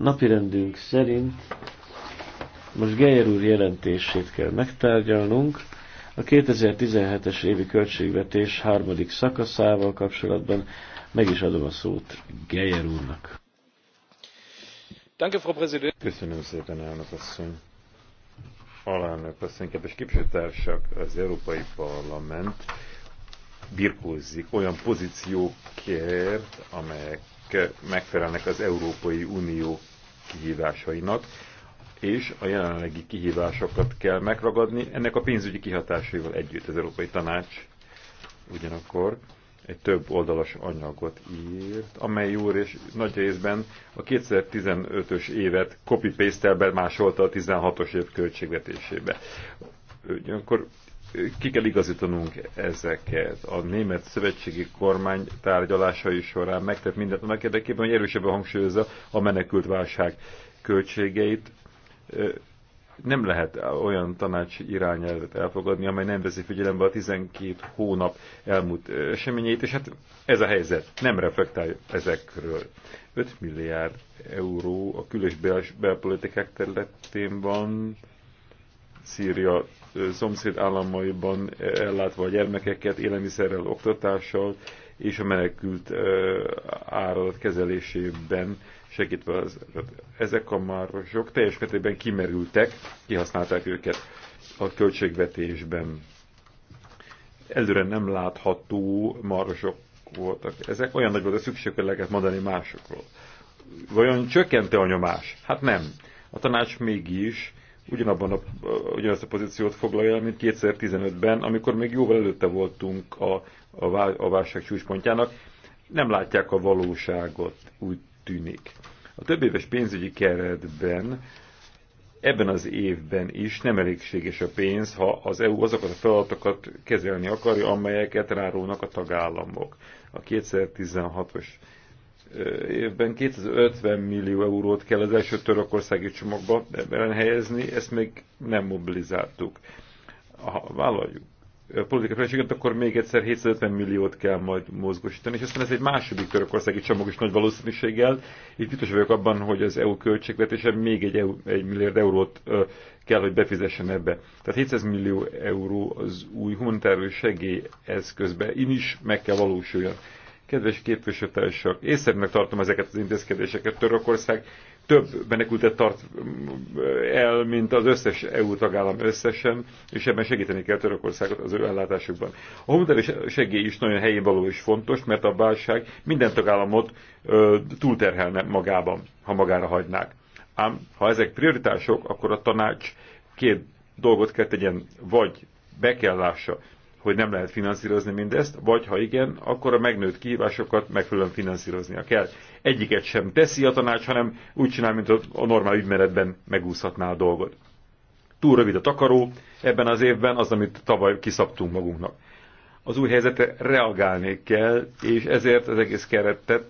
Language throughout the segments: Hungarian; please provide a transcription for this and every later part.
napirendünk szerint most Geyer úr jelentését kell megtárgyalnunk. A 2017-es évi költségvetés harmadik szakaszával kapcsolatban meg is adom a szót Geyer úrnak. Köszönöm szépen, elnök asszony. Alelnök asszony, kedves képviselőtársak, az Európai Parlament birkózik olyan pozíciókért, amelyek megfelelnek az Európai Unió kihívásainak, és a jelenlegi kihívásokat kell megragadni. Ennek a pénzügyi kihatásaival együtt az Európai Tanács ugyanakkor egy több oldalas anyagot írt, amely úr és nagy részben a 2015-ös évet copy paste másolta a 16-os év költségvetésébe. Ugyanakkor ki kell igazítanunk ezeket. A német szövetségi kormány tárgyalásai során megtett mindent annak érdekében, hogy erősebben hangsúlyozza a menekült válság költségeit. Nem lehet olyan tanács irányelvet elfogadni, amely nem veszi figyelembe a 12 hónap elmúlt eseményeit, és hát ez a helyzet. Nem reflektál ezekről. 5 milliárd euró a külös belpolitikák területén van, Szíria szomszéd államaiban ellátva a gyermekeket élelmiszerrel, oktatással és a menekült áradat kezelésében segítve az, ezek a márosok teljes mértékben kimerültek, kihasználták őket a költségvetésben. Előre nem látható marosok voltak. Ezek olyan nagy volt a szükség, hogy lehet mondani másokról. Vajon csökkente a nyomás? Hát nem. A tanács mégis ugyanabban a, ugyanazt a pozíciót foglalja el, mint 2015-ben, amikor még jóval előtte voltunk a, a, vá, a válság csúcspontjának. Nem látják a valóságot, úgy tűnik. A több éves pénzügyi keretben ebben az évben is nem elégséges a pénz, ha az EU azokat a feladatokat kezelni akarja, amelyeket rárónak a tagállamok. A 2016-os évben 250 millió eurót kell az első törökországi csomagba helyezni, ezt még nem mobilizáltuk. Ha vállaljuk a politikai felelősséget, akkor még egyszer 750 milliót kell majd mozgosítani, és aztán ez egy második törökországi csomag is nagy valószínűséggel. Itt biztos vagyok abban, hogy az EU költségvetése még egy, EU, egy milliárd eurót kell, hogy befizessen ebbe. Tehát 700 millió euró az új humanitárius segélyeszközbe, in is meg kell valósuljon. Kedves képviselőtársak, észszerűnek tartom ezeket az intézkedéseket. Törökország több menekültet tart mm, el, mint az összes EU tagállam összesen, és ebben segíteni kell Törökországot az ő ellátásukban. A humanitárius segély is nagyon helyén való és fontos, mert a válság minden tagállamot ö, túlterhelne magában, ha magára hagynák. Ám ha ezek prioritások, akkor a tanács két dolgot kell tegyen, vagy be kell lássa, hogy nem lehet finanszírozni mindezt, vagy ha igen, akkor a megnőtt kihívásokat megfelelően finanszíroznia kell. Egyiket sem teszi a tanács, hanem úgy csinál, mint a normál ügymenetben megúszhatná a dolgot. Túl rövid a takaró ebben az évben, az, amit tavaly kiszabtunk magunknak. Az új helyzetre reagálni kell, és ezért az egész keretet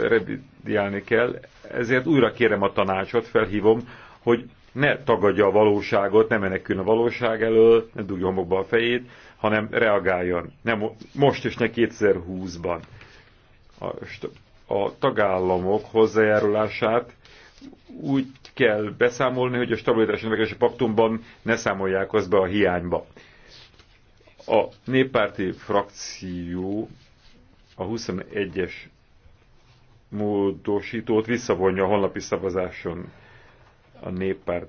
revidiálni kell, ezért újra kérem a tanácsot, felhívom, hogy ne tagadja a valóságot, ne meneküljön a valóság elől, ne dugjon homokba a fejét, hanem reagáljon. Nem most is ne 2020-ban. A, a tagállamok hozzájárulását úgy kell beszámolni, hogy a stabilitási növekedési paktumban ne számolják azt be a hiányba. A néppárti frakció a 21-es módosítót visszavonja a honlapi szavazáson a néppárt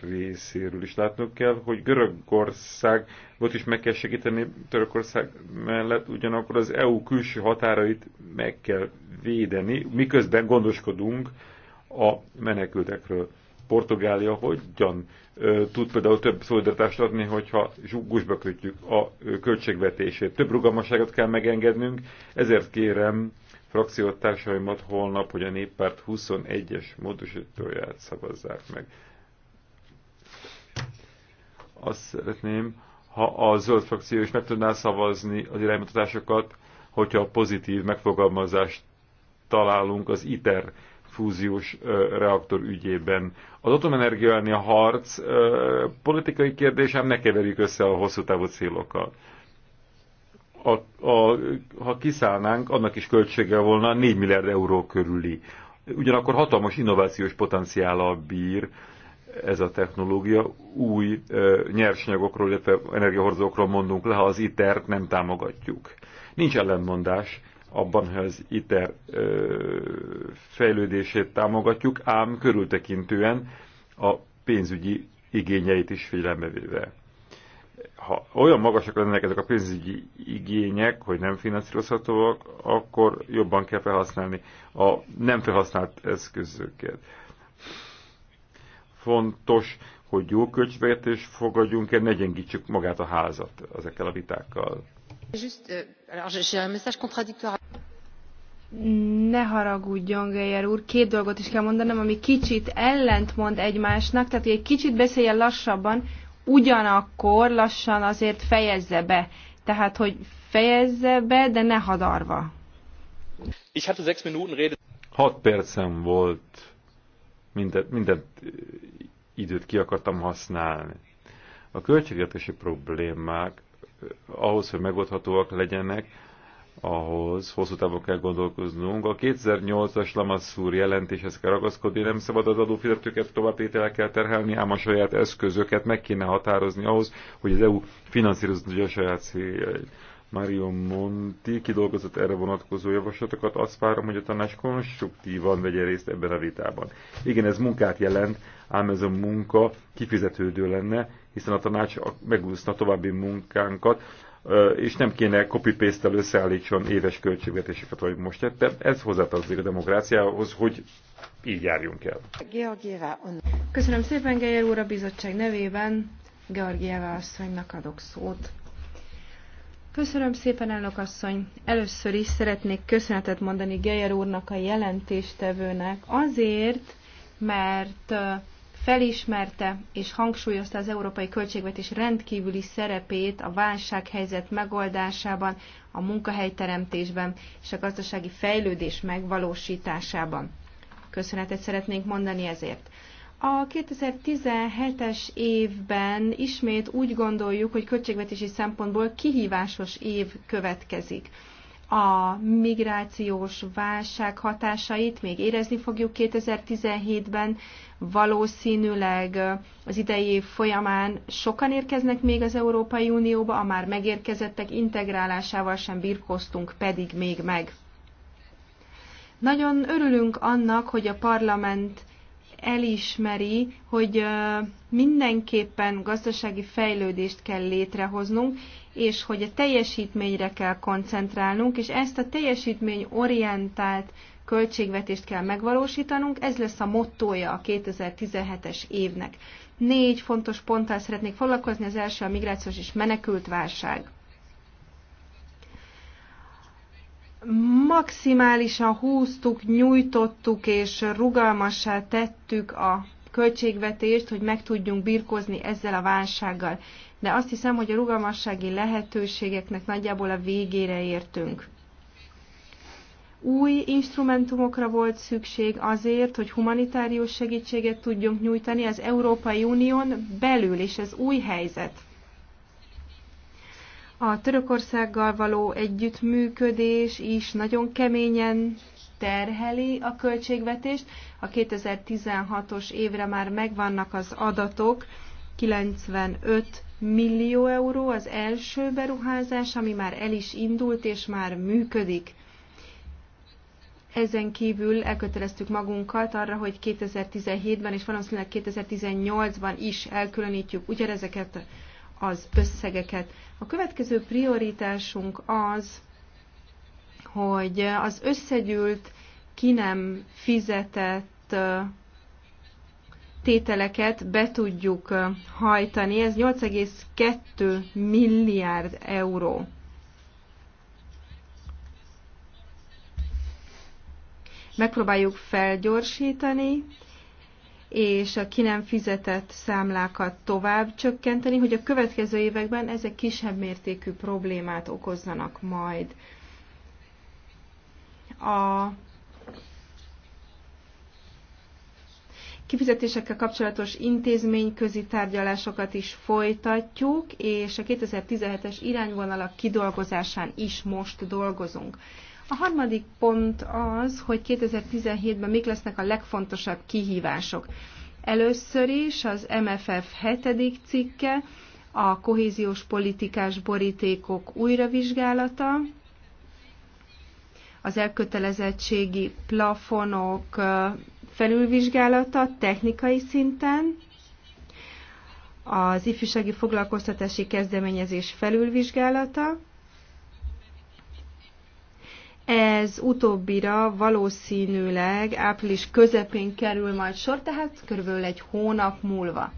részéről is látnunk kell, hogy Görögország volt is meg kell segíteni Törökország mellett, ugyanakkor az EU külső határait meg kell védeni, miközben gondoskodunk a menekültekről. Portugália hogyan ö, tud például több szolidaritást adni, hogyha zsuggusba kötjük a ö, költségvetését. Több rugalmasságot kell megengednünk, ezért kérem frakciótársaimat holnap, hogy a néppárt 21-es módosítóját szavazzák meg. Azt szeretném, ha a zöld frakció is meg tudná szavazni az iránymutatásokat, hogyha pozitív megfogalmazást találunk az ITER fúziós reaktor ügyében. Az atomenergia elleni harc politikai kérdésem, ne keverjük össze a hosszú távú célokkal. A, a, ha kiszállnánk, annak is költsége volna 4 milliárd euró körüli. Ugyanakkor hatalmas innovációs potenciállal bír ez a technológia. Új nyersanyagokról, illetve energiahordozókról mondunk le, ha az iter t nem támogatjuk. Nincs ellenmondás abban, hogy az ITER fejlődését támogatjuk, ám körültekintően a pénzügyi igényeit is figyelembe véve. Ha olyan magasak lennek ezek a pénzügyi igények, hogy nem finanszírozhatóak, akkor jobban kell felhasználni a nem felhasznált eszközöket fontos, hogy jó költségvetés fogadjunk el, ne gyengítsük magát a házat ezekkel a vitákkal. Euh, ne haragudjon, Geyer úr, két dolgot is kell mondanom, ami kicsit ellentmond egymásnak, tehát hogy egy kicsit beszéljen lassabban, ugyanakkor lassan azért fejezze be. Tehát, hogy fejezze be, de ne hadarva. Hat percem volt minden, minden eh, időt ki akartam használni. A költségvetési problémák eh, ahhoz, hogy megoldhatóak legyenek, ahhoz hosszú távon kell gondolkoznunk. A 2008-as Lamassur jelentéshez kell ragaszkodni, nem szabad az adófizetőket tovább kell terhelni, ám a saját eszközöket meg kéne határozni ahhoz, hogy az EU finanszírozni a saját céljait. Mario Monti kidolgozott erre vonatkozó javaslatokat, azt várom, hogy a tanács konstruktívan vegye részt ebben a vitában. Igen, ez munkát jelent, ám ez a munka kifizetődő lenne, hiszen a tanács megúszna további munkánkat, és nem kéne copy-paste-tel összeállítson éves költségvetéseket, ahogy most tette. Ez hozzátartozik a demokráciához, hogy így járjunk el. Köszönöm szépen, Geyer úr, a bizottság nevében Georgieva asszonynak adok szót. Köszönöm szépen, elnök asszony. Először is szeretnék köszönetet mondani Geyer úrnak, a jelentéstevőnek azért, mert felismerte és hangsúlyozta az európai költségvetés rendkívüli szerepét a válsághelyzet megoldásában, a munkahelyteremtésben és a gazdasági fejlődés megvalósításában. Köszönetet szeretnénk mondani ezért. A 2017-es évben ismét úgy gondoljuk, hogy költségvetési szempontból kihívásos év következik. A migrációs válság hatásait még érezni fogjuk 2017-ben, valószínűleg az idei év folyamán sokan érkeznek még az Európai Unióba, a már megérkezettek integrálásával sem birkoztunk pedig még meg. Nagyon örülünk annak, hogy a parlament elismeri, hogy mindenképpen gazdasági fejlődést kell létrehoznunk, és hogy a teljesítményre kell koncentrálnunk, és ezt a teljesítmény orientált költségvetést kell megvalósítanunk, ez lesz a mottója a 2017-es évnek. Négy fontos ponttal szeretnék foglalkozni, az első a migrációs és menekült válság. maximálisan húztuk, nyújtottuk és rugalmassá tettük a költségvetést, hogy meg tudjunk birkozni ezzel a válsággal. De azt hiszem, hogy a rugalmassági lehetőségeknek nagyjából a végére értünk. Új instrumentumokra volt szükség azért, hogy humanitárius segítséget tudjunk nyújtani az Európai Unión belül, és ez új helyzet. A Törökországgal való együttműködés is nagyon keményen terheli a költségvetést. A 2016-os évre már megvannak az adatok, 95 millió euró az első beruházás, ami már el is indult és már működik. Ezen kívül elköteleztük magunkat arra, hogy 2017-ben és valószínűleg 2018-ban is elkülönítjük ugyanezeket az összegeket. A következő prioritásunk az, hogy az összegyűlt, ki nem fizetett tételeket be tudjuk hajtani. Ez 8,2 milliárd euró. Megpróbáljuk felgyorsítani és a ki nem fizetett számlákat tovább csökkenteni, hogy a következő években ezek kisebb mértékű problémát okozzanak majd. A kifizetésekkel kapcsolatos intézményközi tárgyalásokat is folytatjuk, és a 2017-es irányvonalak kidolgozásán is most dolgozunk. A harmadik pont az, hogy 2017-ben mik lesznek a legfontosabb kihívások. Először is az MFF hetedik cikke, a kohéziós politikás borítékok újravizsgálata, az elkötelezettségi plafonok felülvizsgálata technikai szinten, az ifjúsági foglalkoztatási kezdeményezés felülvizsgálata, ez utóbbira valószínűleg április közepén kerül majd sor, tehát körülbelül egy hónap múlva.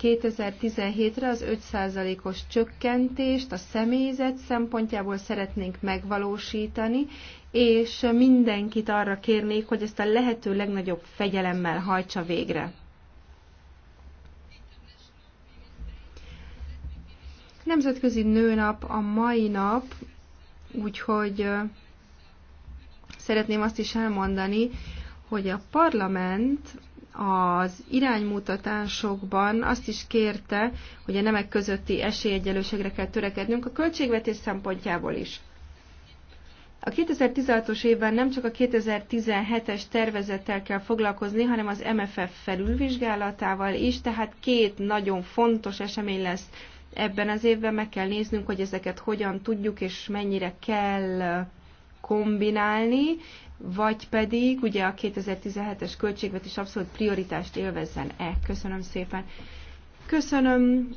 2017-re az 5%-os csökkentést a személyzet szempontjából szeretnénk megvalósítani, és mindenkit arra kérnék, hogy ezt a lehető legnagyobb fegyelemmel hajtsa végre. Nemzetközi nőnap a mai nap, úgyhogy szeretném azt is elmondani, hogy a parlament az iránymutatásokban azt is kérte, hogy a nemek közötti esélyegyelőségre kell törekednünk a költségvetés szempontjából is. A 2016-os évben nem csak a 2017-es tervezettel kell foglalkozni, hanem az MFF felülvizsgálatával is, tehát két nagyon fontos esemény lesz ebben az évben, meg kell néznünk, hogy ezeket hogyan tudjuk és mennyire kell kombinálni, vagy pedig ugye a 2017-es költségvetés abszolút prioritást élvezzen-e. Köszönöm szépen. Köszönöm.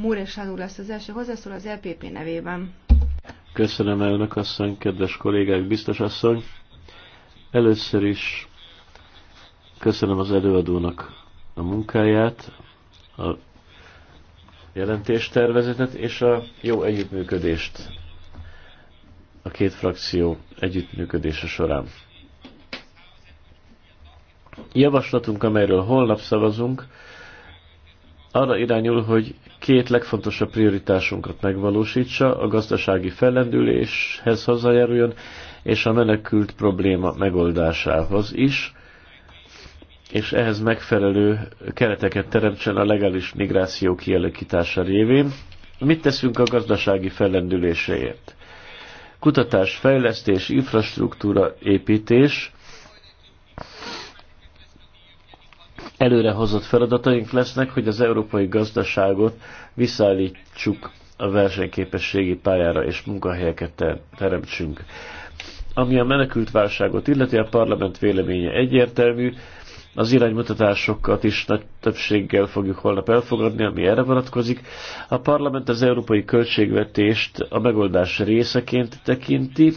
Muresán úr lesz az első hozzászól az LPP nevében. Köszönöm elnök asszony, kedves kollégák, biztos asszony. Először is köszönöm az előadónak a munkáját, a jelentéstervezetet és a jó együttműködést a két frakció együttműködése során. Javaslatunk, amelyről holnap szavazunk, arra irányul, hogy két legfontosabb prioritásunkat megvalósítsa, a gazdasági fellendüléshez hozzájáruljon, és a menekült probléma megoldásához is, és ehhez megfelelő kereteket teremtsen a legális migráció kialakítása révén. Mit teszünk a gazdasági fellendüléséért? kutatás, fejlesztés, infrastruktúra, építés, előrehozott feladataink lesznek, hogy az európai gazdaságot visszaállítsuk a versenyképességi pályára és munkahelyeket teremtsünk. Ami a menekült válságot illeti, a parlament véleménye egyértelmű, az iránymutatásokat is nagy többséggel fogjuk holnap elfogadni, ami erre vonatkozik. A parlament az európai költségvetést a megoldás részeként tekinti.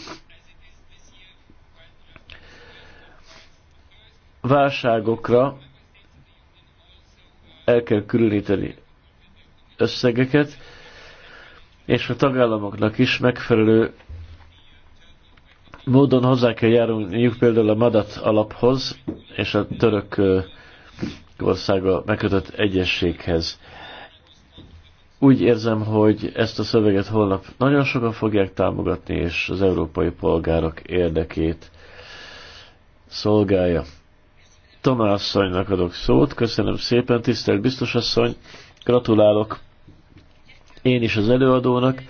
Válságokra el kell különíteni összegeket, és a tagállamoknak is megfelelő módon hozzá kell járulniuk például a Madat alaphoz és a török országa megkötött egyességhez. Úgy érzem, hogy ezt a szöveget holnap nagyon sokan fogják támogatni, és az európai polgárok érdekét szolgálja. Tomá asszonynak adok szót, köszönöm szépen, tisztelt biztos asszony, gratulálok én is az előadónak.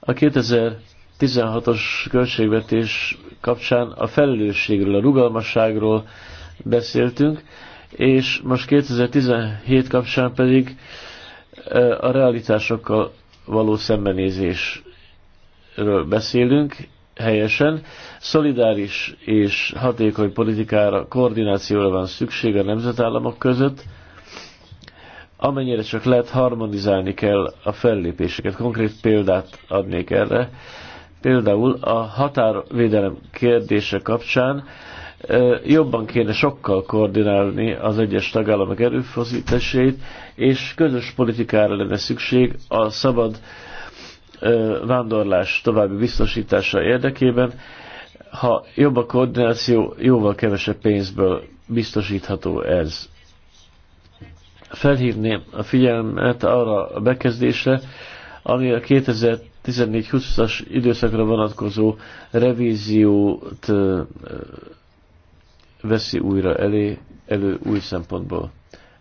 A 2000 16-os költségvetés kapcsán a felelősségről, a rugalmasságról beszéltünk, és most 2017 kapcsán pedig a realitásokkal való szembenézésről beszélünk, helyesen. Szolidáris és hatékony politikára, koordinációra van szükség a nemzetállamok között, amennyire csak lehet harmonizálni kell a fellépéseket. Konkrét példát adnék erre. Például a határvédelem kérdése kapcsán jobban kéne sokkal koordinálni az egyes tagállamok erőfeszítését és közös politikára lenne szükség a szabad vándorlás további biztosítása érdekében, ha jobb a koordináció, jóval kevesebb pénzből biztosítható ez. Felhívném a figyelmet arra a bekezdésre, ami a 2000 14-20-as időszakra vonatkozó revíziót veszi újra elé, elő új szempontból.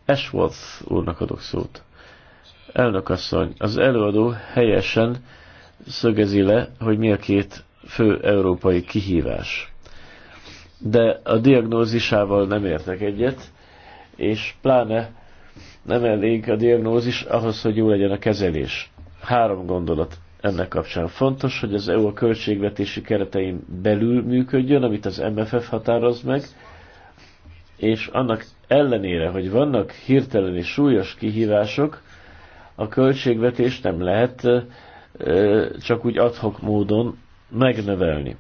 Ashworth úrnak adok szót. Elnökasszony, az előadó helyesen szögezi le, hogy mi a két fő európai kihívás. De a diagnózisával nem értek egyet, és pláne nem elég a diagnózis ahhoz, hogy jó legyen a kezelés. Három gondolat ennek kapcsán fontos, hogy az EU a költségvetési keretein belül működjön, amit az MFF határoz meg, és annak ellenére, hogy vannak hirtelen és súlyos kihívások, a költségvetést nem lehet csak úgy adhok módon megnevelni.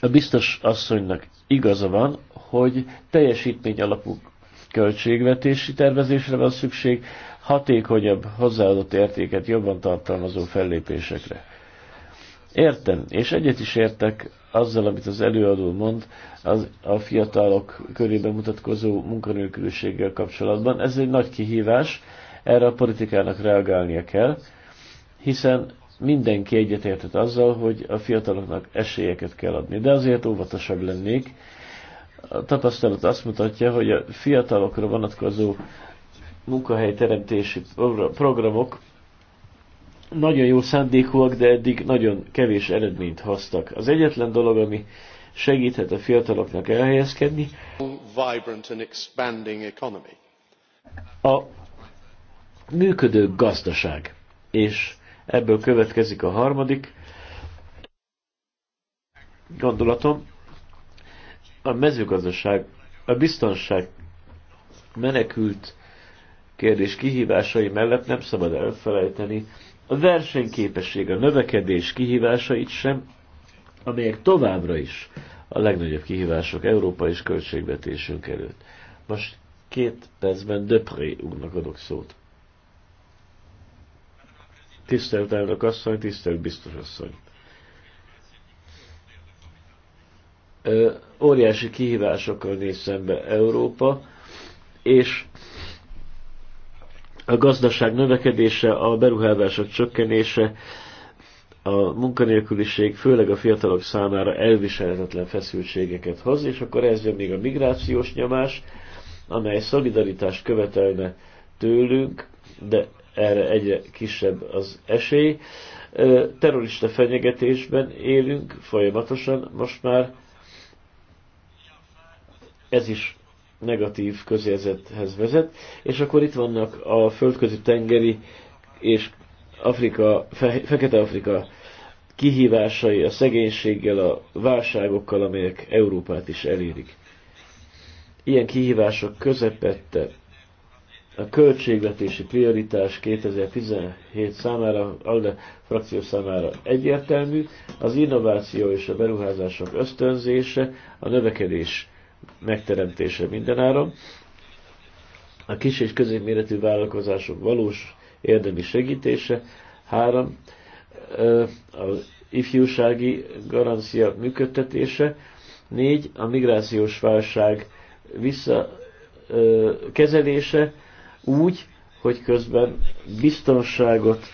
A biztos asszonynak igaza van, hogy teljesítmény alapú költségvetési tervezésre van szükség, hatékonyabb, hozzáadott értéket jobban tartalmazó fellépésekre. Értem, és egyet is értek azzal, amit az előadó mond, az a fiatalok körében mutatkozó munkanélküliséggel kapcsolatban. Ez egy nagy kihívás, erre a politikának reagálnia kell, hiszen mindenki egyetértett azzal, hogy a fiataloknak esélyeket kell adni. De azért óvatosabb lennék, a tapasztalat azt mutatja, hogy a fiatalokra vonatkozó munkahelyteremtési programok nagyon jó szándékúak, de eddig nagyon kevés eredményt hoztak. Az egyetlen dolog, ami segíthet a fiataloknak elhelyezkedni, a működő gazdaság. És ebből következik a harmadik gondolatom, a mezőgazdaság, a biztonság menekült kérdés kihívásai mellett nem szabad elfelejteni a versenyképesség, a növekedés kihívásait sem, amelyek továbbra is a legnagyobb kihívások Európa és költségvetésünk előtt. Most két percben Döpré úrnak adok szót. Tisztelt elnök asszony, tisztelt biztos asszony! Óriási kihívásokkal néz szembe Európa, és a gazdaság növekedése, a beruházások csökkenése, a munkanélküliség főleg a fiatalok számára elviselhetetlen feszültségeket hoz, és akkor ez jön még a migrációs nyomás, amely szolidaritást követelne tőlünk, de erre egyre kisebb az esély. Terrorista fenyegetésben élünk folyamatosan, most már ez is negatív közérzethez vezet, és akkor itt vannak a földközi tengeri és Afrika, fe, Fekete Afrika kihívásai a szegénységgel, a válságokkal, amelyek Európát is elérik. Ilyen kihívások közepette a költségvetési prioritás 2017 számára, ALDE frakció számára egyértelmű, az innováció és a beruházások ösztönzése, a növekedés megteremtése mindenáron. A kis és középméretű vállalkozások valós érdemi segítése. Három, az ifjúsági garancia működtetése. Négy, a migrációs válság vissza kezelése úgy, hogy közben biztonságot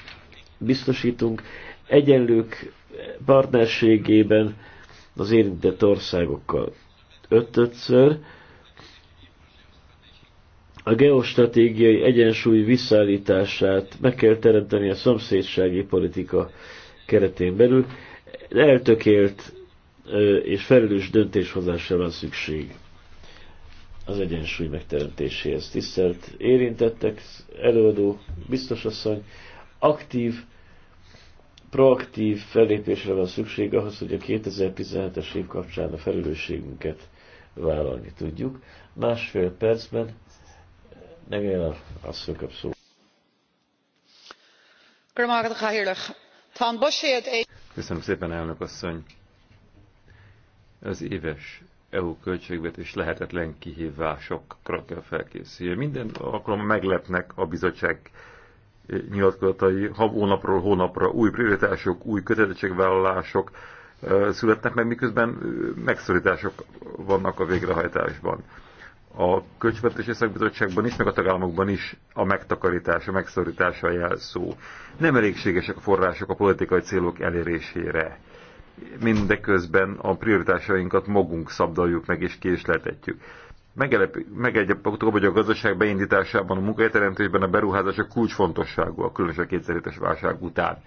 biztosítunk egyenlők partnerségében az érintett országokkal öt-ötször. A geostratégiai egyensúly visszaállítását meg kell teremteni a szomszédsági politika keretén belül. Eltökélt és felelős döntéshozásra van szükség az egyensúly megteremtéséhez. Tisztelt érintettek, előadó, biztosasszony, aktív, proaktív fellépésre van szükség ahhoz, hogy a 2017-es év kapcsán a felelősségünket vállalni tudjuk. Másfél percben Negéla a kap szó. Köszönöm szépen, elnök asszony. Az éves EU költségvetés lehetetlen kihívásokra kell felkészülni. Minden alkalommal meglepnek a bizottság nyilatkozatai, ha hónapról hónapra új prioritások, új kötelezettségvállalások, születnek meg, miközben megszorítások vannak a végrehajtásban. A Költségvetési Szakbizottságban is, meg a tagállamokban is a megtakarítás, a megszorítás a jelszó. Nem elégségesek a források a politikai célok elérésére. Mindeközben a prioritásainkat magunk szabdaljuk meg és késletetjük megegyapogtuk, hogy a gazdaság beindításában, a munkahelyteremtésben a beruházások a különösen a kétszerítés válság után.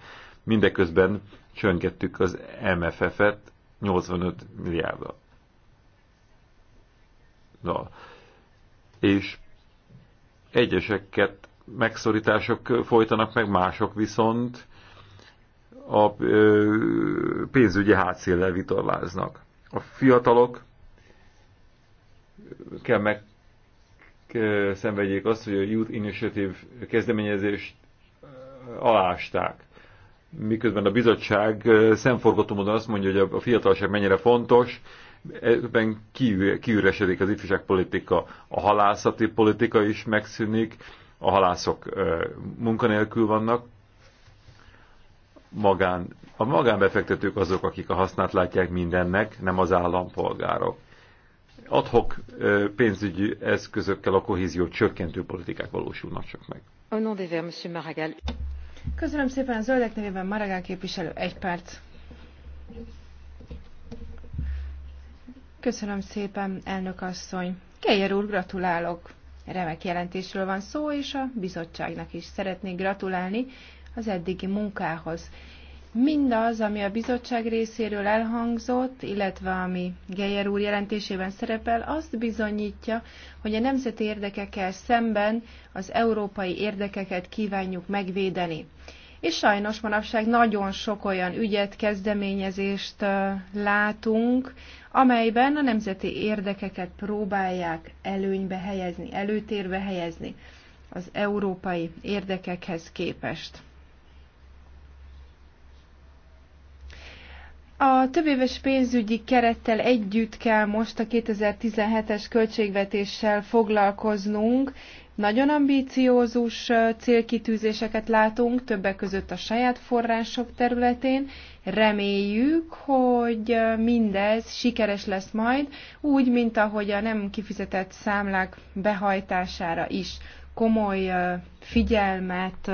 Mindeközben csöngettük az MFF-et 85 milliárdra. Na. És egyeseket megszorítások folytanak meg, mások viszont a pénzügyi hátszéllel vitorláznak. A fiatalok kell meg szenvedjék azt, hogy a Youth Initiative kezdeményezést alásták miközben a bizottság szemforgató módon azt mondja, hogy a fiatalság mennyire fontos, ebben kiüresedik az ifjúságpolitika, a halászati politika is megszűnik, a halászok munkanélkül vannak, magán, a magánbefektetők azok, akik a hasznát látják mindennek, nem az állampolgárok. Adhok pénzügyi eszközökkel a kohézió csökkentő politikák valósulnak csak meg. Köszönöm szépen a zöldek nevében Maragán képviselő, egy perc. Köszönöm szépen, elnök asszony. Kejer úr, gratulálok. Remek jelentésről van szó, és a bizottságnak is szeretnék gratulálni az eddigi munkához. Mindaz, ami a bizottság részéről elhangzott, illetve ami Geyer úr jelentésében szerepel, azt bizonyítja, hogy a nemzeti érdekekkel szemben az európai érdekeket kívánjuk megvédeni. És sajnos manapság nagyon sok olyan ügyet, kezdeményezést látunk, amelyben a nemzeti érdekeket próbálják előnybe helyezni, előtérbe helyezni az európai érdekekhez képest. A többéves pénzügyi kerettel együtt kell most a 2017-es költségvetéssel foglalkoznunk. Nagyon ambíciózus célkitűzéseket látunk, többek között a saját források területén. Reméljük, hogy mindez sikeres lesz majd, úgy, mint ahogy a nem kifizetett számlák behajtására is komoly figyelmet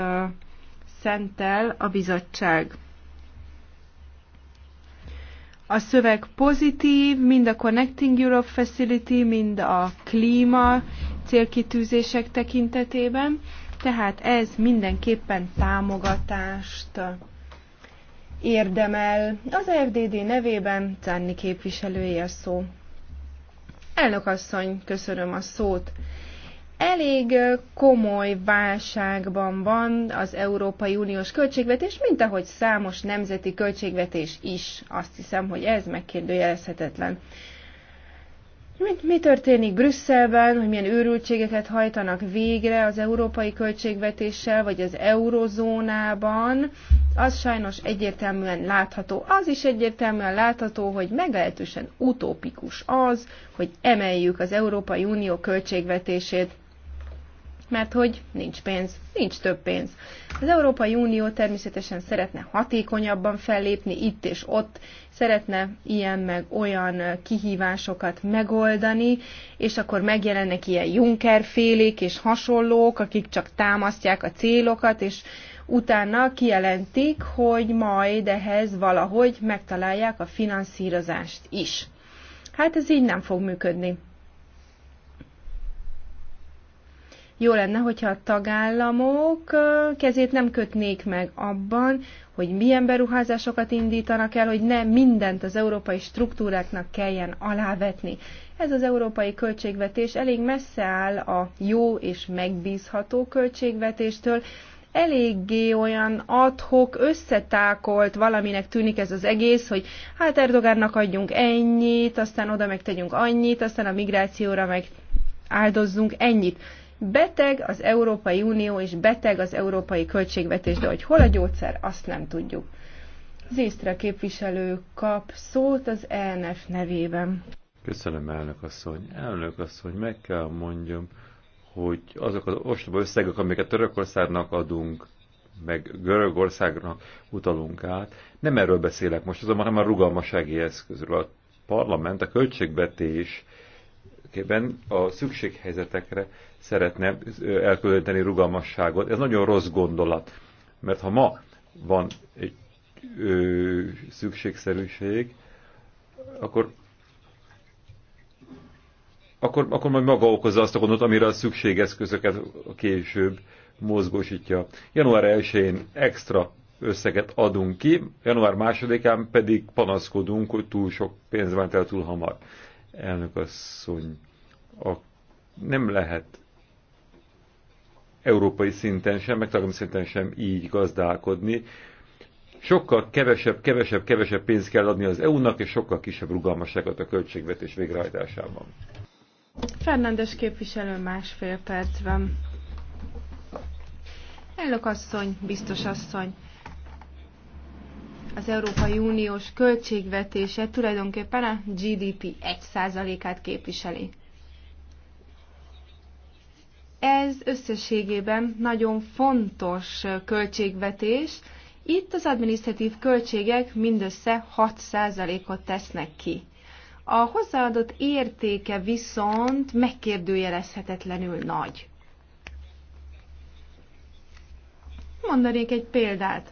szentel a bizottság. A szöveg pozitív, mind a Connecting Europe Facility, mind a klíma célkitűzések tekintetében, tehát ez mindenképpen támogatást érdemel. Az FDD nevében Czanni képviselője a szó. Elnök asszony, köszönöm a szót elég komoly válságban van az Európai Uniós költségvetés, mint ahogy számos nemzeti költségvetés is. Azt hiszem, hogy ez megkérdőjelezhetetlen. Mi, mi történik Brüsszelben, hogy milyen őrültségeket hajtanak végre az európai költségvetéssel, vagy az eurozónában, az sajnos egyértelműen látható. Az is egyértelműen látható, hogy meglehetősen utópikus az, hogy emeljük az Európai Unió költségvetését mert hogy nincs pénz, nincs több pénz. Az Európai Unió természetesen szeretne hatékonyabban fellépni itt és ott, szeretne ilyen meg olyan kihívásokat megoldani, és akkor megjelennek ilyen Juncker félék és hasonlók, akik csak támasztják a célokat, és utána kijelentik, hogy majd ehhez valahogy megtalálják a finanszírozást is. Hát ez így nem fog működni. Jó lenne, hogyha a tagállamok kezét nem kötnék meg abban, hogy milyen beruházásokat indítanak el, hogy ne mindent az európai struktúráknak kelljen alávetni. Ez az európai költségvetés elég messze áll a jó és megbízható költségvetéstől, eléggé olyan adhok, összetákolt valaminek tűnik ez az egész, hogy hát Erdogánnak adjunk ennyit, aztán oda megtegyünk annyit, aztán a migrációra meg áldozzunk ennyit. Beteg az Európai Unió, és beteg az európai költségvetés, de hogy hol a gyógyszer, azt nem tudjuk. Zisztra képviselő kap szót az ELNF nevében. Köszönöm, elnök asszony. Elnök asszony, meg kell mondjam, hogy azok az ostoba összegek, amiket Törökországnak adunk, meg Görögországnak utalunk át, nem erről beszélek most, azonban hanem a rugalmasági eszközről. A parlament, a költségvetés érdekében a szükséghelyzetekre szeretne elkülöníteni rugalmasságot. Ez nagyon rossz gondolat, mert ha ma van egy ö, szükségszerűség, akkor akkor, akkor majd maga okozza azt a gondot, amire a szükségeszközöket később mozgósítja. Január 1-én extra összeget adunk ki, január 2-án pedig panaszkodunk, hogy túl sok pénz ment el túl hamar elnök asszony, a, nem lehet európai szinten sem, meg tagállami szinten sem így gazdálkodni. Sokkal kevesebb, kevesebb, kevesebb pénzt kell adni az EU-nak, és sokkal kisebb rugalmasságot a költségvetés végrehajtásában. Fernandes képviselő másfél percben. Elnök asszony, biztos asszony az Európai Uniós költségvetése tulajdonképpen a GDP 1%-át képviseli. Ez összességében nagyon fontos költségvetés. Itt az adminisztratív költségek mindössze 6%-ot tesznek ki. A hozzáadott értéke viszont megkérdőjelezhetetlenül nagy. Mondanék egy példát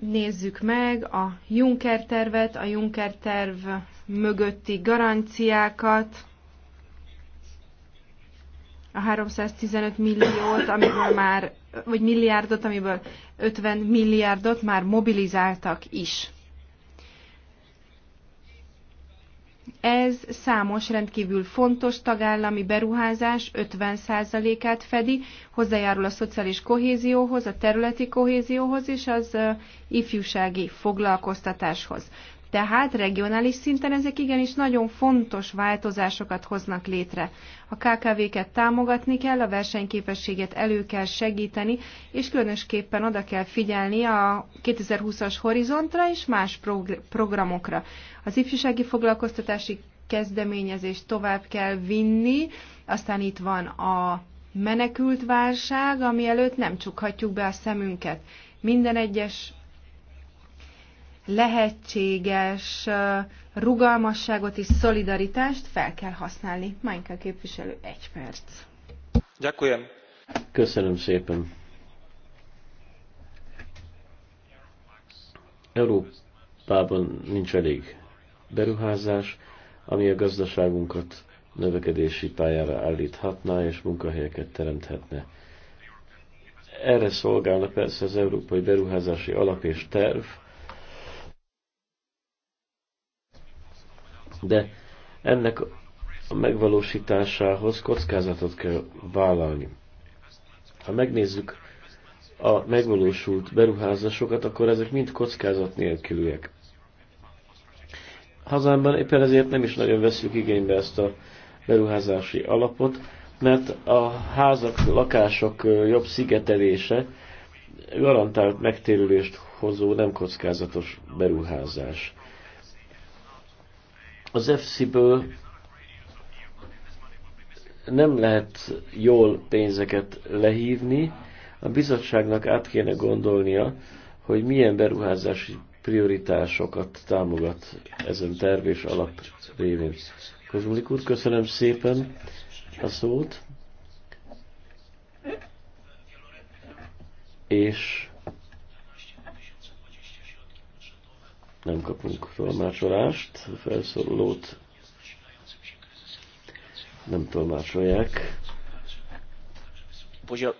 nézzük meg a Juncker tervet, a Juncker terv mögötti garanciákat, a 315 milliót, amiből már, vagy milliárdot, amiből 50 milliárdot már mobilizáltak is. Ez számos rendkívül fontos tagállami beruházás 50%-át fedi, hozzájárul a szociális kohézióhoz, a területi kohézióhoz és az ifjúsági foglalkoztatáshoz. Tehát regionális szinten ezek igenis nagyon fontos változásokat hoznak létre. A KKV-ket támogatni kell, a versenyképességet elő kell segíteni, és különösképpen oda kell figyelni a 2020-as horizontra és más programokra. Az ifjúsági foglalkoztatási kezdeményezést tovább kell vinni, aztán itt van a menekült válság, ami előtt nem csukhatjuk be a szemünket. Minden egyes lehetséges rugalmasságot és szolidaritást fel kell használni. Michael képviselő, egy perc. Gyakujem. Köszönöm szépen. Európában nincs elég beruházás, ami a gazdaságunkat növekedési pályára állíthatná és munkahelyeket teremthetne. Erre szolgálna persze az Európai Beruházási Alap és Terv, de ennek a megvalósításához kockázatot kell vállalni. Ha megnézzük a megvalósult beruházásokat, akkor ezek mind kockázat nélküliek. Hazámban éppen ezért nem is nagyon veszük igénybe ezt a beruházási alapot, mert a házak, lakások jobb szigetelése garantált megtérülést hozó nem kockázatos beruházás. Az FC-ből nem lehet jól pénzeket lehívni, a bizottságnak át kéne gondolnia, hogy milyen beruházási prioritásokat támogat ezen terv és alap révén. Kozmulik úr, köszönöm szépen a szót, és nem kapunk tolmácsolást, a felszólalót nem tolmácsolják.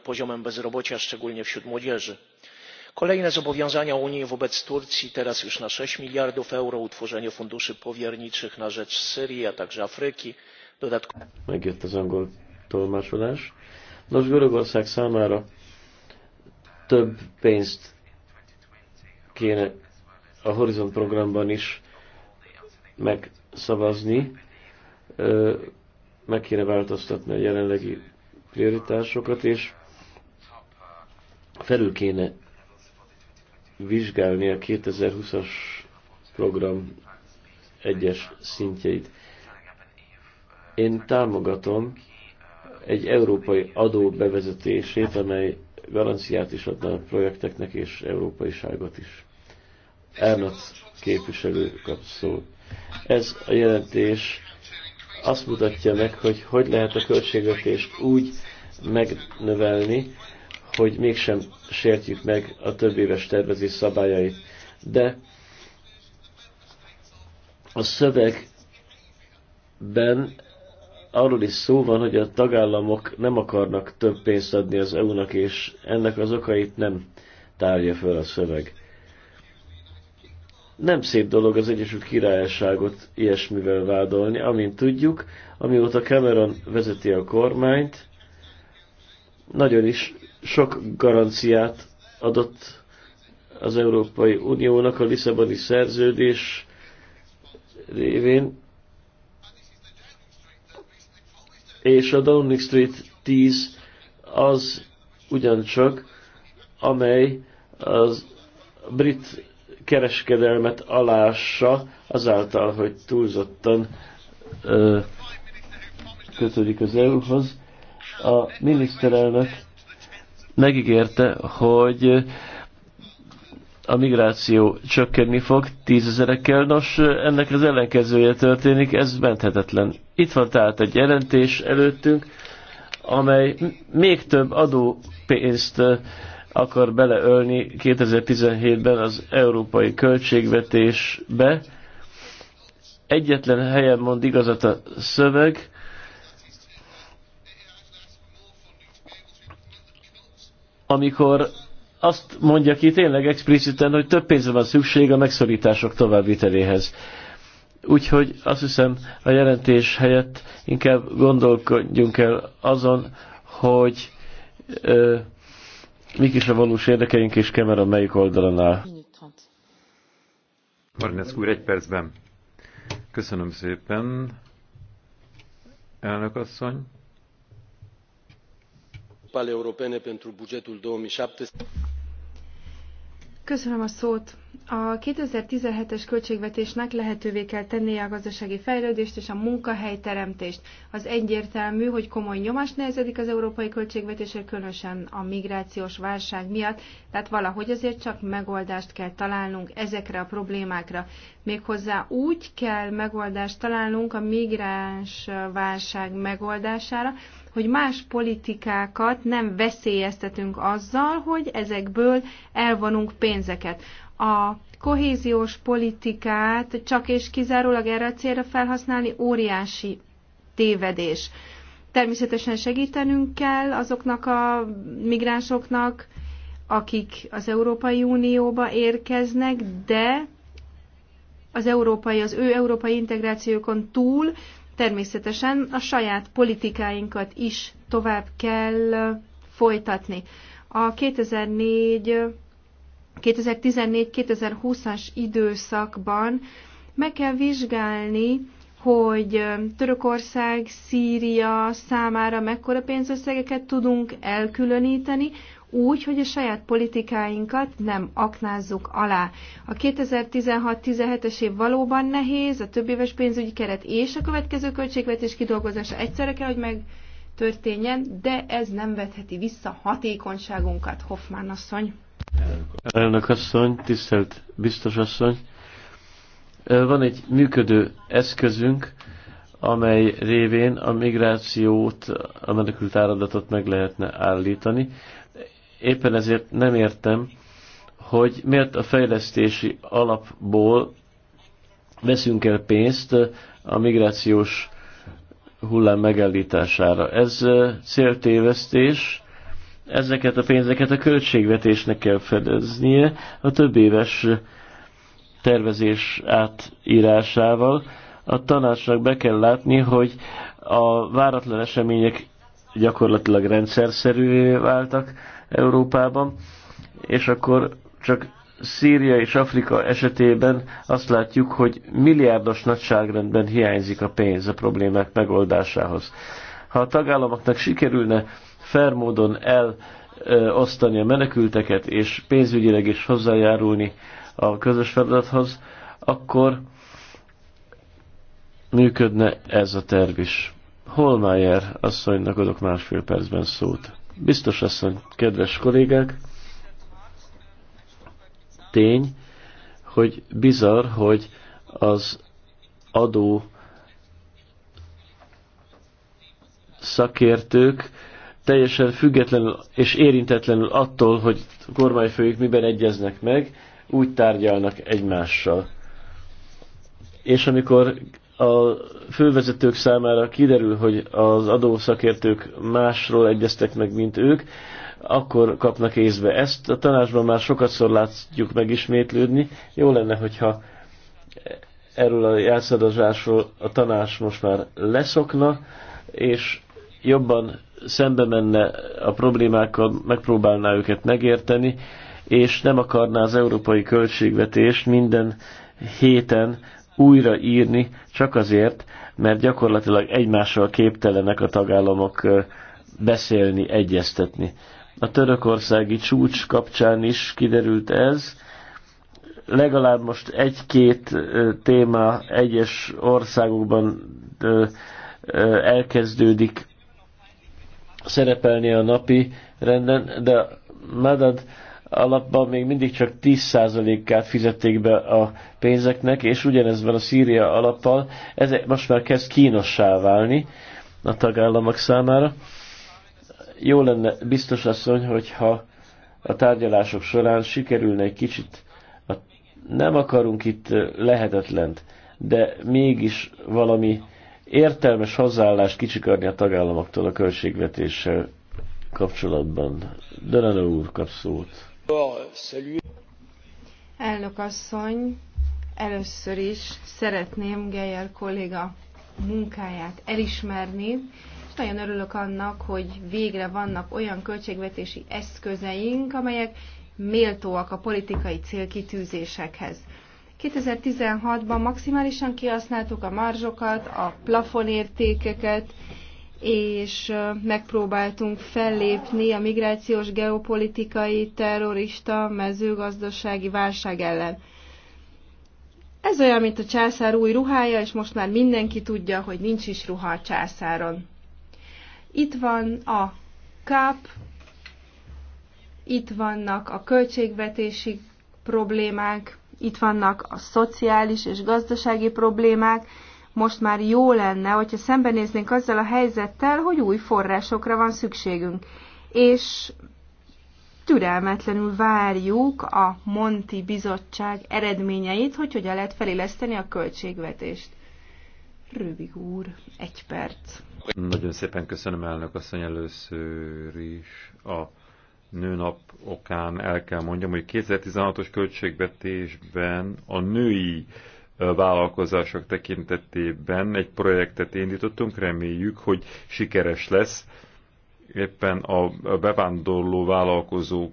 Poziomem bezrobocia, szczególnie wśród młodzieży. Kolejne zobowiązania Unii wobec Turcji, teraz już na 6 miliardów euro, utworzenie funduszy powierniczych na rzecz Syrii, a także Afryki. Dodatkowo... Megjött az angol tolmácsolás. Nos, Görögország számára több pénzt kéne a Horizon programban is megszavazni, meg kéne változtatni a jelenlegi prioritásokat, és felül kéne vizsgálni a 2020-as program egyes szintjeit. Én támogatom egy európai adó bevezetését, amely garanciát is adna a projekteknek és európai ságot is elnök képviselő kap szót. Ez a jelentés azt mutatja meg, hogy hogy lehet a költségvetést úgy megnövelni, hogy mégsem sértjük meg a több éves tervezés szabályait. De a szövegben arról is szó van, hogy a tagállamok nem akarnak több pénzt adni az EU-nak, és ennek az okait nem tárja föl a szöveg. Nem szép dolog az Egyesült Királyságot ilyesmivel vádolni, amint tudjuk, amióta Cameron vezeti a kormányt, nagyon is sok garanciát adott az Európai Uniónak a Lisszaboni szerződés révén, és a Downing Street 10 az ugyancsak, amely az brit kereskedelmet alássa azáltal, hogy túlzottan ö, kötődik az EU-hoz. A miniszterelnök megígérte, hogy a migráció csökkenni fog tízezerekkel. Nos, ennek az ellenkezője történik, ez menthetetlen. Itt van tehát egy jelentés előttünk, amely még több adópénzt akar beleölni 2017-ben az európai költségvetésbe. Egyetlen helyen mond igazat a szöveg, amikor azt mondja ki tényleg expliciten, hogy több pénzre van szükség a megszorítások továbbviteléhez. Úgyhogy azt hiszem a jelentés helyett inkább gondolkodjunk el azon, hogy ö, Mik is a valós érdekeink, és a melyik oldalon áll? Marinec úr, egy percben. Köszönöm szépen, elnök asszony. Köszönöm a szót. A 2017-es költségvetésnek lehetővé kell tennie a gazdasági fejlődést és a munkahelyteremtést. Az egyértelmű, hogy komoly nyomás nehezedik az európai költségvetésre, különösen a migrációs válság miatt, tehát valahogy azért csak megoldást kell találnunk ezekre a problémákra. Méghozzá úgy kell megoldást találnunk a migráns válság megoldására, hogy más politikákat nem veszélyeztetünk azzal, hogy ezekből elvonunk pénzeket a kohéziós politikát csak és kizárólag erre a célra felhasználni óriási tévedés. Természetesen segítenünk kell azoknak a migránsoknak, akik az Európai Unióba érkeznek, de az európai, az ő európai integrációkon túl természetesen a saját politikáinkat is tovább kell folytatni. A 2004 2014-2020-as időszakban meg kell vizsgálni, hogy Törökország, Szíria számára mekkora pénzösszegeket tudunk elkülöníteni, úgy, hogy a saját politikáinkat nem aknázzuk alá. A 2016-17-es év valóban nehéz, a több éves pénzügyi keret és a következő költségvetés kidolgozása egyszerre kell, hogy megtörténjen, de ez nem vetheti vissza hatékonyságunkat, Hoffmann asszony. Elnök asszony, tisztelt biztos asszony. Van egy működő eszközünk, amely révén a migrációt, a menekült áradatot meg lehetne állítani. Éppen ezért nem értem, hogy miért a fejlesztési alapból veszünk el pénzt a migrációs hullám megállítására. Ez céltévesztés, ezeket a pénzeket a költségvetésnek kell fedeznie a több éves tervezés átírásával. A tanácsnak be kell látni, hogy a váratlan események gyakorlatilag rendszerszerűvé váltak Európában, és akkor csak Szíria és Afrika esetében azt látjuk, hogy milliárdos nagyságrendben hiányzik a pénz a problémák megoldásához. Ha a tagállamoknak sikerülne módon elosztani a menekülteket, és pénzügyileg is hozzájárulni a közös feladathoz, akkor működne ez a terv is. Holmeyer asszonynak adok másfél percben szót. Biztos asszony, kedves kollégák, tény, hogy bizarr, hogy az adó szakértők teljesen függetlenül és érintetlenül attól, hogy kormányfőjük miben egyeznek meg, úgy tárgyalnak egymással. És amikor a fővezetők számára kiderül, hogy az adószakértők másról egyeztek meg, mint ők, akkor kapnak észbe. Ezt a tanácsban már sokatszor látjuk megismétlődni. Jó lenne, hogyha erről a játszadozásról a tanács most már leszokna, és jobban szembe menne a problémákkal, megpróbálná őket megérteni, és nem akarná az európai költségvetést minden héten újraírni, csak azért, mert gyakorlatilag egymással képtelenek a tagállamok beszélni, egyeztetni. A törökországi csúcs kapcsán is kiderült ez. Legalább most egy-két téma egyes országokban elkezdődik szerepelni a napi renden, de Madad alapban még mindig csak 10%-át fizették be a pénzeknek, és ugyanez van a Szíria alappal, ez most már kezd kínossá válni a tagállamok számára. Jó lenne biztos asszony, hogyha a tárgyalások során sikerülne egy kicsit, nem akarunk itt lehetetlent, de mégis valami értelmes hozzáállás kicsikarni a tagállamoktól a költségvetéssel kapcsolatban. Delano úr kap szót. Elnök asszony, először is szeretném Geyer kolléga munkáját elismerni, és nagyon örülök annak, hogy végre vannak olyan költségvetési eszközeink, amelyek méltóak a politikai célkitűzésekhez. 2016-ban maximálisan kihasználtuk a marzsokat, a plafonértékeket, és megpróbáltunk fellépni a migrációs, geopolitikai, terrorista, mezőgazdasági válság ellen. Ez olyan, mint a császár új ruhája, és most már mindenki tudja, hogy nincs is ruha a császáron. Itt van a kap, itt vannak a költségvetési problémák, itt vannak a szociális és gazdasági problémák. Most már jó lenne, hogyha szembenéznénk azzal a helyzettel, hogy új forrásokra van szükségünk. És türelmetlenül várjuk a Monti Bizottság eredményeit, hogy hogyan lehet feléleszteni a költségvetést. Rövid úr, egy perc. Nagyon szépen köszönöm elnök asszony először is a nőnap okán el kell mondjam, hogy 2016-os költségvetésben a női vállalkozások tekintetében egy projektet indítottunk, reméljük, hogy sikeres lesz. Éppen a bevándorló vállalkozók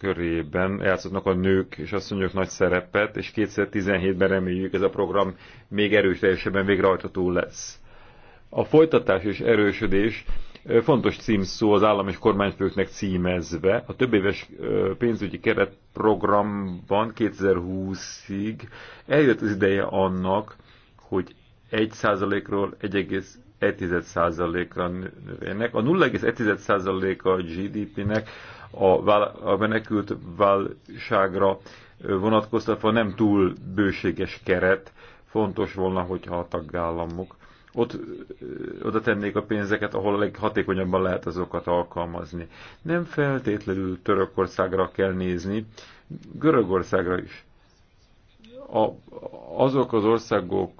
körében játszottnak a nők és asszonyok nagy szerepet, és 2017-ben reméljük ez a program még erős végrehajtható lesz. A folytatás és erősödés Fontos címszó az állam és kormányfőknek címezve. A éves pénzügyi keretprogramban 2020-ig eljött az ideje annak, hogy 1%-ról 1,1%-ra nőjenek. A 0,1%-a a GDP-nek a, a menekült válságra vonatkoztatva nem túl bőséges keret. Fontos volna, hogyha a tagállamok ott oda tennék a pénzeket, ahol a leghatékonyabban lehet azokat alkalmazni. Nem feltétlenül Törökországra kell nézni, Görögországra is. A, azok az országok,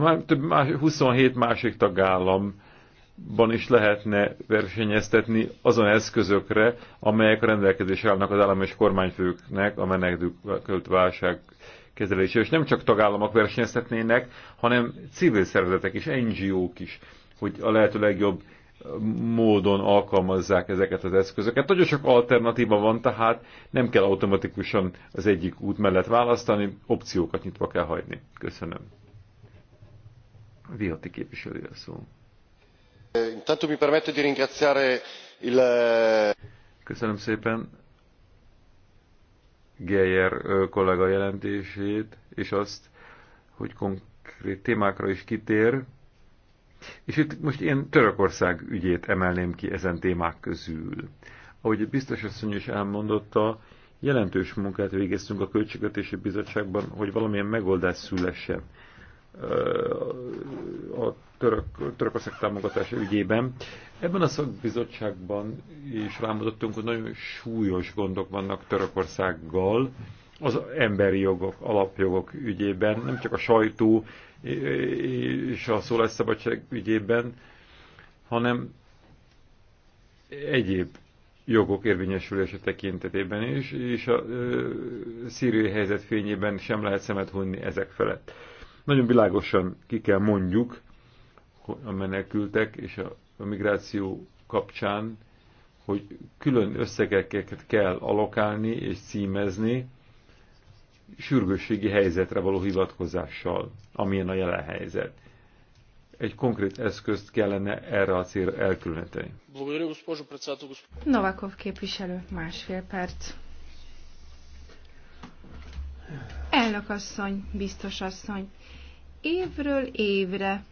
már több más, 27 másik tagállamban is lehetne versenyeztetni azon eszközökre, amelyek rendelkezés állnak az állam és kormányfőknek a menekült válság kezelése. És nem csak tagállamok versenyezhetnének, hanem civil szervezetek is, NGO-k is, hogy a lehető legjobb módon alkalmazzák ezeket az eszközöket. Nagyon sok alternatíva van, tehát nem kell automatikusan az egyik út mellett választani, opciókat nyitva kell hagyni. Köszönöm. Vihati képviselő a szó. Intanto mi permette di ringraziare il... Köszönöm szépen. Geyer kollega jelentését, és azt, hogy konkrét témákra is kitér. És itt most én Törökország ügyét emelném ki ezen témák közül. Ahogy biztos asszony is elmondotta, jelentős munkát végeztünk a Költségvetési Bizottságban, hogy valamilyen megoldás szülessen a török, törökország támogatása ügyében. Ebben a szakbizottságban is rámutattunk, hogy nagyon súlyos gondok vannak Törökországgal az emberi jogok, alapjogok ügyében, nem csak a sajtó és a szólásszabadság ügyében, hanem egyéb jogok érvényesülése tekintetében is, és a szíriai helyzet fényében sem lehet szemet hunni ezek felett. Nagyon világosan ki kell mondjuk a menekültek és a migráció kapcsán, hogy külön összegeket kell alokálni és címezni sürgősségi helyzetre való hivatkozással, amilyen a jelen helyzet egy konkrét eszközt kellene erre a célra elkülöníteni. Novakov képviselő, másfél perc. Elnök asszony, biztos asszony, évről évre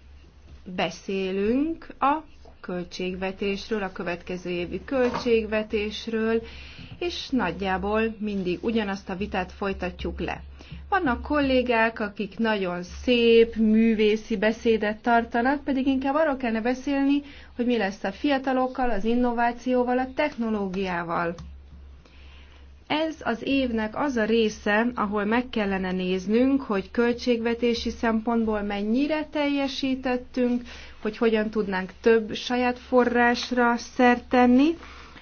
beszélünk a költségvetésről, a következő évi költségvetésről, és nagyjából mindig ugyanazt a vitát folytatjuk le. Vannak kollégák, akik nagyon szép, művészi beszédet tartanak, pedig inkább arról kellene beszélni, hogy mi lesz a fiatalokkal, az innovációval, a technológiával. Ez az évnek az a része, ahol meg kellene néznünk, hogy költségvetési szempontból mennyire teljesítettünk, hogy hogyan tudnánk több saját forrásra szert tenni,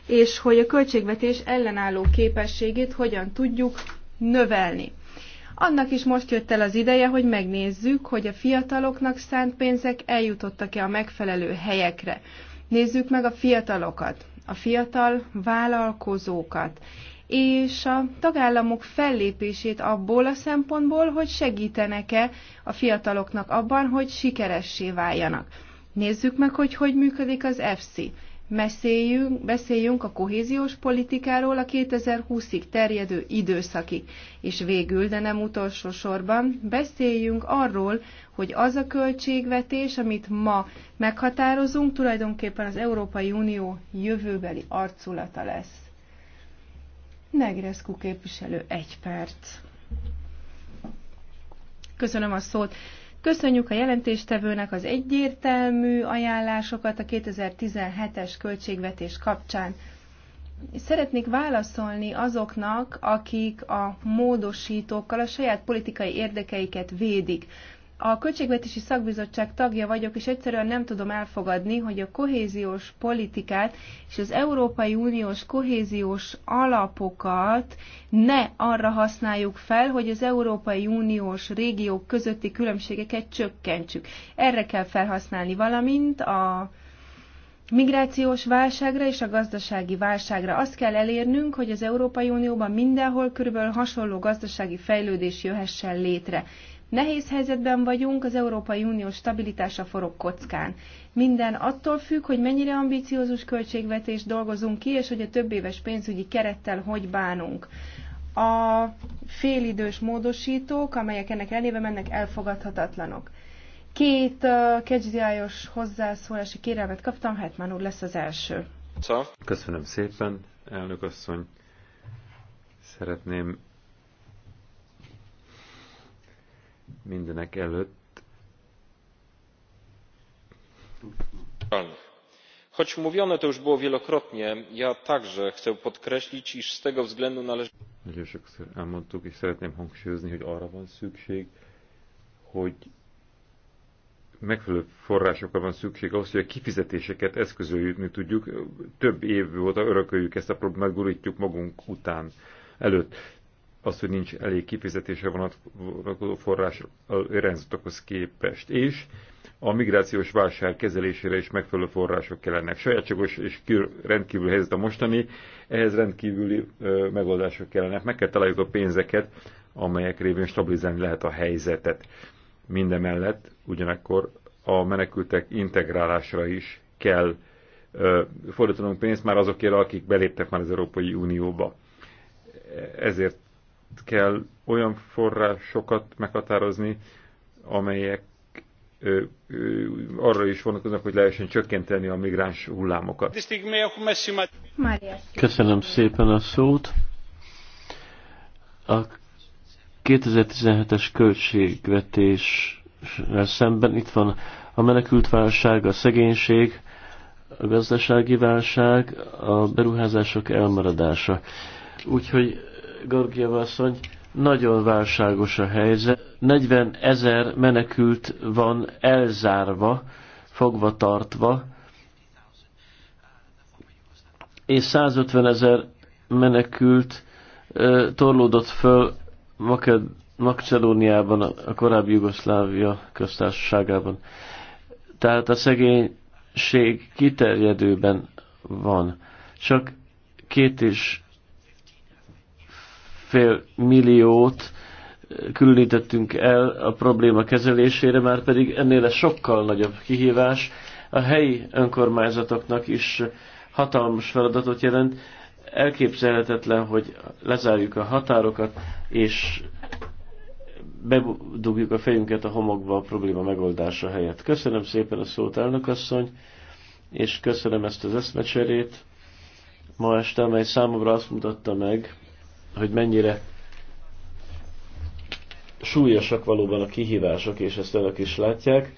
és hogy a költségvetés ellenálló képességét hogyan tudjuk növelni. Annak is most jött el az ideje, hogy megnézzük, hogy a fiataloknak szánt pénzek eljutottak-e a megfelelő helyekre. Nézzük meg a fiatalokat, a fiatal vállalkozókat és a tagállamok fellépését abból a szempontból, hogy segítenek-e a fiataloknak abban, hogy sikeressé váljanak. Nézzük meg, hogy hogy működik az FC. Beszéljünk, beszéljünk a kohéziós politikáról a 2020-ig terjedő időszakig. És végül, de nem utolsó sorban, beszéljünk arról, hogy az a költségvetés, amit ma meghatározunk, tulajdonképpen az Európai Unió jövőbeli arculata lesz. Negrescu képviselő, egy perc. Köszönöm a szót. Köszönjük a jelentéstevőnek az egyértelmű ajánlásokat a 2017-es költségvetés kapcsán. Szeretnék válaszolni azoknak, akik a módosítókkal a saját politikai érdekeiket védik. A Költségvetési Szakbizottság tagja vagyok, és egyszerűen nem tudom elfogadni, hogy a kohéziós politikát és az Európai Uniós kohéziós alapokat ne arra használjuk fel, hogy az Európai Uniós régiók közötti különbségeket csökkentsük. Erre kell felhasználni valamint a migrációs válságra és a gazdasági válságra. Azt kell elérnünk, hogy az Európai Unióban mindenhol körülbelül hasonló gazdasági fejlődés jöhessen létre. Nehéz helyzetben vagyunk, az Európai Unió stabilitása forog kockán. Minden attól függ, hogy mennyire ambíciózus költségvetést dolgozunk ki, és hogy a több éves pénzügyi kerettel hogy bánunk. A félidős módosítók, amelyek ennek elébe mennek, elfogadhatatlanok. Két uh, kegyziájos hozzászólási kérelmet kaptam, Hetman úr lesz az első. Köszönöm szépen, elnök asszony. Szeretném mindenek előtt. Choć mówione to już było wielokrotnie, ja także chcę podkreślić, iż z tego względu należy... Nagyon sokszor elmondtuk, és szeretném hangsúlyozni, hogy arra van szükség, hogy megfelelő forrásokra van szükség ahhoz, hogy a kifizetéseket eszközöljük, tudjuk. Több év óta örököljük ezt a problémát, gurítjuk magunk után előtt az, hogy nincs elég kifizetése vonatkozó forrás irányzatokhoz képest. És a migrációs válság kezelésére is megfelelő források kellenek. Sajátságos és rendkívül helyzet a mostani, ehhez rendkívüli megoldások kellenek. Meg kell találjuk a pénzeket, amelyek révén stabilizálni lehet a helyzetet. Mindemellett ugyanakkor a menekültek integrálásra is kell fordítanunk pénzt már azokért, akik beléptek már az Európai Unióba. Ezért kell olyan forrásokat meghatározni, amelyek ö, ö, arra is vonatkoznak, hogy lehessen csökkenteni a migráns hullámokat. Köszönöm szépen a szót. A 2017-es költségvetéssel szemben itt van a menekült válság, a szegénység, a gazdasági válság, a beruházások elmaradása. Úgyhogy Gorgieva asszony, nagyon válságos a helyzet. 40 ezer menekült van elzárva, fogva tartva, és 150 ezer menekült ö, torlódott föl Maked Macedóniában, a korábbi Jugoszlávia köztársaságában. Tehát a szegénység kiterjedőben van. Csak két és fél milliót eh, különítettünk el a probléma kezelésére, már pedig ennél lesz sokkal nagyobb kihívás. A helyi önkormányzatoknak is hatalmas feladatot jelent. Elképzelhetetlen, hogy lezárjuk a határokat, és bedugjuk a fejünket a homokba a probléma megoldása helyett. Köszönöm szépen a szót, elnökasszony, és köszönöm ezt az eszmecserét ma este, amely számomra azt mutatta meg, hogy mennyire súlyosak valóban a kihívások, és ezt önök is látják.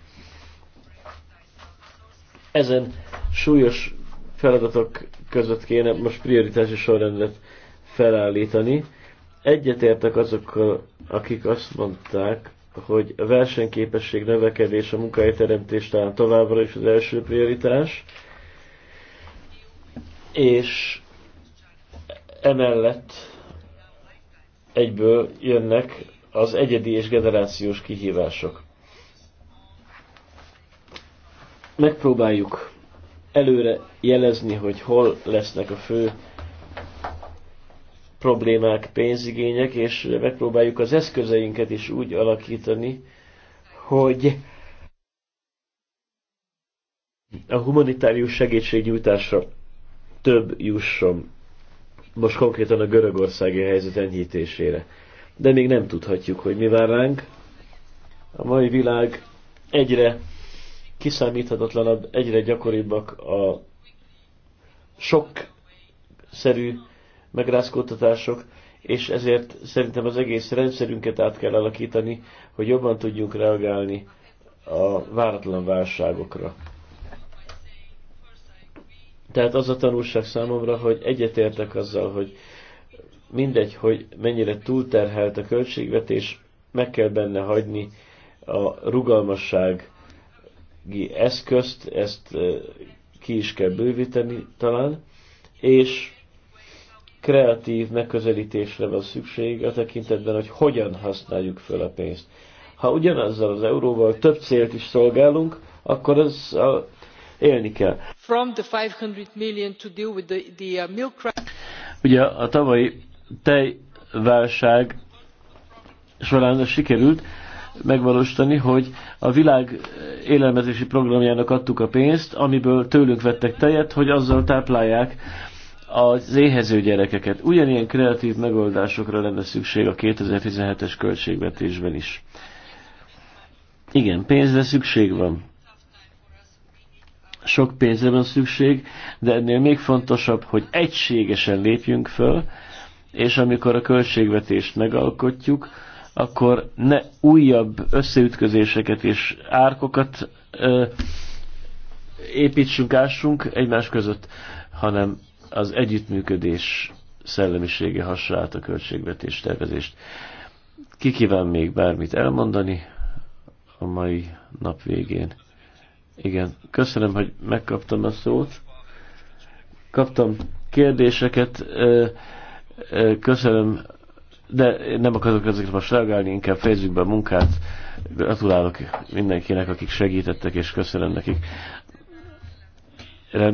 Ezen súlyos feladatok között kéne most prioritási sorrendet felállítani. Egyetértek azokkal, akik azt mondták, hogy a versenyképesség növekedés, a munkahelyteremtés talán továbbra is az első prioritás, és emellett egyből jönnek az egyedi és generációs kihívások. Megpróbáljuk előre jelezni, hogy hol lesznek a fő problémák, pénzigények, és megpróbáljuk az eszközeinket is úgy alakítani, hogy a humanitárius segítségnyújtásra több jusson most konkrétan a görögországi helyzet enyhítésére. De még nem tudhatjuk, hogy mi vár ránk. A mai világ egyre kiszámíthatatlanabb, egyre gyakoribbak a sok szerű megrázkódtatások, és ezért szerintem az egész rendszerünket át kell alakítani, hogy jobban tudjunk reagálni a váratlan válságokra. Tehát az a tanulság számomra, hogy egyetértek azzal, hogy mindegy, hogy mennyire túlterhelt a költségvetés, meg kell benne hagyni a rugalmassági eszközt, ezt ki is kell bővíteni talán, és kreatív megközelítésre van szükség a tekintetben, hogy hogyan használjuk fel a pénzt. Ha ugyanazzal az euróval több célt is szolgálunk, akkor ez a élni kell. Uh, Ugye a tavalyi tejválság során sikerült megvalósítani, hogy a világ élelmezési programjának adtuk a pénzt, amiből tőlünk vettek tejet, hogy azzal táplálják az éhező gyerekeket. Ugyanilyen kreatív megoldásokra lenne szükség a 2017-es költségvetésben is. Igen, pénzre szükség van sok pénzre van szükség, de ennél még fontosabb, hogy egységesen lépjünk föl, és amikor a költségvetést megalkotjuk, akkor ne újabb összeütközéseket és árkokat ö, építsünk, ássunk egymás között, hanem az együttműködés szellemisége hassa át a költségvetés tervezést. Ki kíván még bármit elmondani a mai nap végén? Igen, köszönöm, hogy megkaptam a szót. Kaptam kérdéseket, köszönöm, de nem akarok ezeket most reagálni, inkább fejezzük be a munkát. Gratulálok mindenkinek, akik segítettek, és köszönöm nekik.